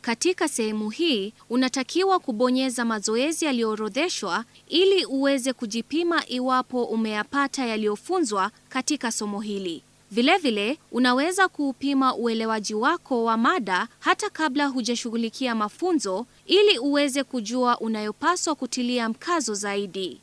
Katika sehemu hii unatakiwa kubonyeza mazoezi yaliyoorodheshwa ili uweze kujipima iwapo umeyapata yaliyofunzwa katika somo hili. Vilevile unaweza kuupima uelewaji wako wa mada hata kabla hujashughulikia mafunzo ili uweze kujua unayopaswa kutilia mkazo zaidi.